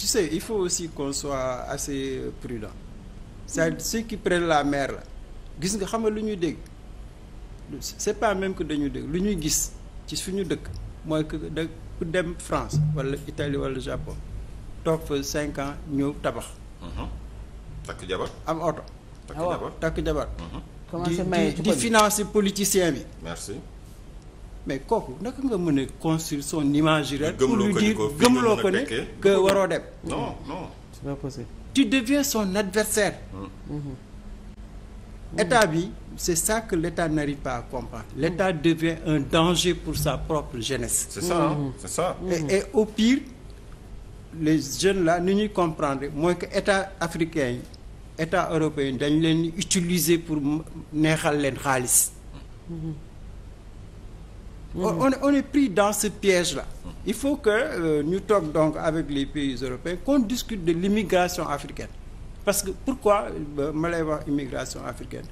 tu sais il faut aussi qu'on soit assez prudent c'est-à-dire mm. ceux qui la mer la gis nga xam nga lu ñuy dégg c'est pas même que dañuy dégg lu ñuy gis ci suñu dëkk mooy que da ku dem France wala Italie wala Japon toog fa cinq ans ñëw tabax mm-hmm. takk jabar am oto takk ah jabar takk jabar mm-hmm. di di financer politicien bi merci mais kooku naka nga mën a construire son imaginaire pour lui dire gëmloo ko ne que waroo dem non non c'est pas possible tu deviens son adversaire mm-hmm. état bi c'est ça que l'état n'arrive pas a comprendre l'état devient un danger pour sa propre jeunesse c'est ça mm-hmm. c'est ça mm-hmm. et, au pire les jeunes la ni ñuy comprendre mooy que état africain yi état européen dañ leen utiliser pour neexal leen xaalis on mhm. on est pris dans ce piège la il faut que euh, ñu toog donc avec les pays européens qu'on discute de l'immigration africaine parce que pourquoi euh, ma lay wax immigration africaine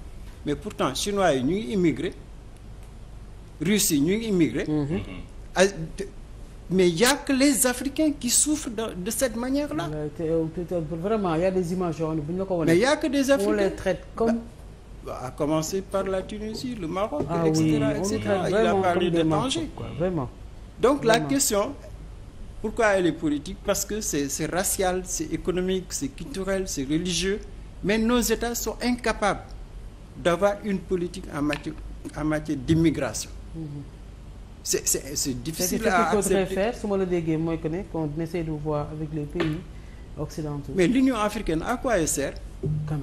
mais pourtant chinois yi ñu ngi immigré russes yi ñu ngi mhm. mhm. ah, mais y les Africains qui souffrent de de cette manière là. vraiment y a des images yoo bu ñu la ko wane. mais y a que des Africains on les traite comme. à commencer par la Tunisie le Maroc ah etc oui, etc il donc la question pourquoi elle est politique parce que c'est c'est racial c'est économique c'est culturel c'est religieux mais nos États sont incapables d'avoir une politique en matière en matière d'immigration mm -hmm. c'est c'est difficile à accepter c'est ce qu'il faudrait faire su ma la déggee mooy que ne qu'on essaie de voir avec les pays occidentaux mais l'Union africaine à quoi elle sert quand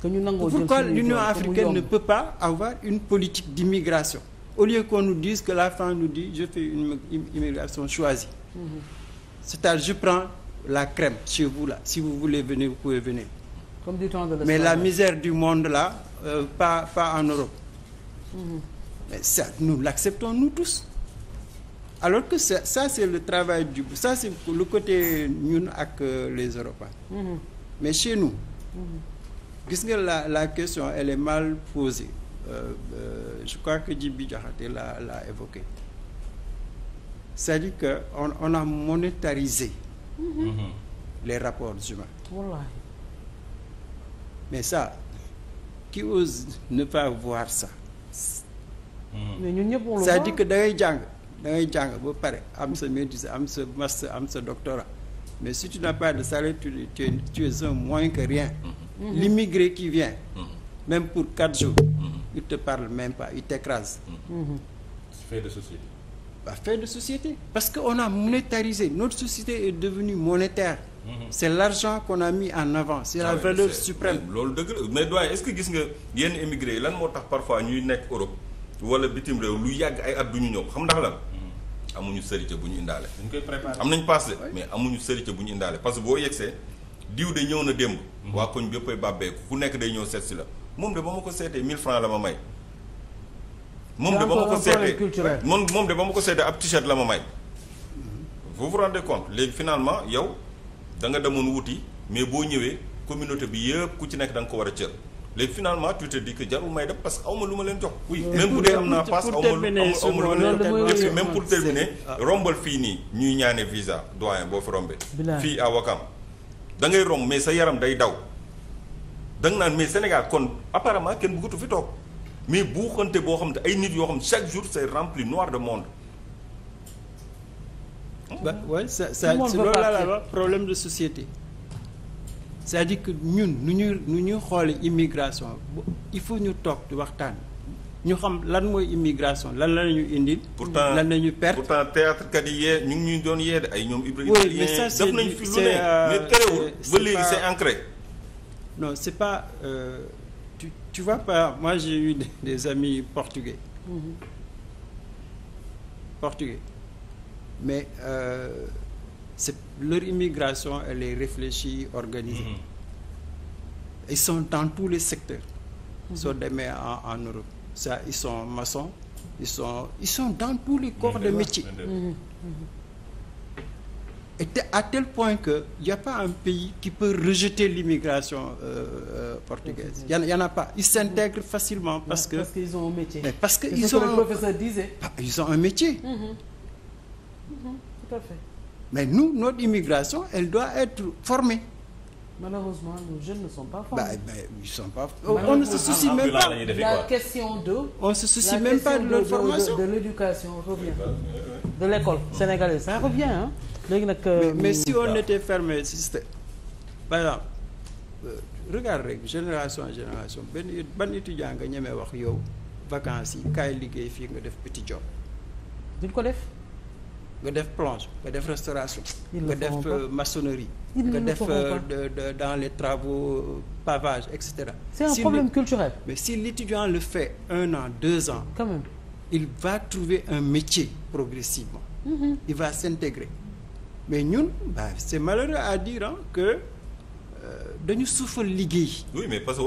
que ñu nangoo pourquoi l'Union africaine ne peut pas avoir une politique d'immigration au lieu qu'on nous dise que la France nous dit je fais une immigration choisie mm -hmm. je prends la crème chez vous là si vous voulez venir vous pouvez venir Comme mais la misère du monde là euh, pas pas en Europe mm mais ça nous l'acceptons nous tous alors que ça, ça c'est le travail du ça c'est côté ñun ak euh, les Européens mhm. mais chez nous mhm. gis nga la la question elle est mal posée euh, euh je crois que Djibi Diakhaté l'a l'a évoqué c'est-à-dire que on on a monétarisé mm -hmm. les rapports humains Wallahi. mais ça qui ose ne pas voir ça mm-hmm. ñëpp c'est-à-dire que da ngay jàng da jàng ba pare am sa maîtrise am sa master am sa doctorat mais si tu n'as pas de salaire tu, tu, tu es un moins que rien mm-hmm. Mm-hmm. l'immigré qui vient mm-hmm. même pour quatre jours mm-hmm. il te parle même pas il t'écrase fait de société bah, fait de société parce qu'on a monétarisé notre société est devenue monétaire c'est l'argent qu'on a mis en avant c'est la ah valeur suprême loolu dëgg la mais doy est-ce que gis nga yenn immigré yi lan moo tax parfois ñuy nekk Europe wala bitim réew lu yàgg ay at du ñu ñëw xam ndax lan amuñu sérité bu ñu indaale am na passé mais amuñu sérité bu ñu indaale parce que boo yegsee diw de ñëw na démb. waa koñ bépp ay bàbbeeku ku nekk day ñëw seet si la moom de ba ma ko seetee 1000 francs la ma may. moom de ba ma ko seetee moom de ba ma ko seetee ab t la ma may. vous vous rendez compte léegi yow da nga demoon wuti mais boo ñëwee communauté bi yëpp ku ci nekk da nga war a cër. léegi finalement tu te dis que jarul may def parce que lu ma leen jox. oui euh, bu am naa même pour terminer rombal fii nii ñuy ñaane visa doyen boo fi rombé. fii à Wakam da ngay romb mais sa yaram day daw da naan mais Sénégal kon apparemment kenn bëggatu fi toog mais buuxante boo xam te ay nit yoo xam chaque jour c'est rempli noir de monde. Hmm. ba waaye ça ça loolu laa la problème de société. cest à ñun nu ñuy nu ñuy xoole immigration il faut ñu toog di waxtaan. ñu xam lan mooy immigration lan la ñu indil. pourtant lan na ñu perte pourtant théâtre kat yi yee ñu ngi ñuy doon yee de ay ñoom. Ibrahima oui mais def nañu fi lu ne euh, mais terewul ba léegi c' est ancré. non pas euh, tu tu vois pas moi j'ai des, des amis portugais. Mm portugais mais euh, c' est leur immigration elle est réfléchie organisée. Mm -hmm. ils les secteurs. Mm soo demee en en Europe. ça ils sont maçons ils sont mm-hmm. mm-hmm. à tel point que il n'y a pas un pays qui peut rejeter l'immigration euh, euh, portugaise mm-hmm. il n'y facilement parce que parce qu'ils ont un métier parce que ils ce ont que le mais nous notre immigration elle doit être formée Malheureusement, nos jeunes ne sont pas formés. Bah, bah, eh ils sont pas... On ne se soucie en, même en, pas. La question d'eux. On se soucie même pas de l'éducation revient. De l'école sénégalaise, ça revient. Hein. Euh, mais, mais, si on était fermé, si Par exemple, euh, regarde rek génération en génération benn ban étudiant nga ñemee wax yow vacances yi kaay liggéey fii nga def petit job. duñ nga def plonge nga def restauration nga def euh, maçonnerie nga def euh, dans les travaux euh, pavage et cetera c'est un si problème le, culturel mais si l'étudiant le fait un an deux ans quand il va trouver un métier progressivement mm -hmm. il va s'intégrer mais ñun bah c'est malheureux à dire que dañu suufal liggéey oui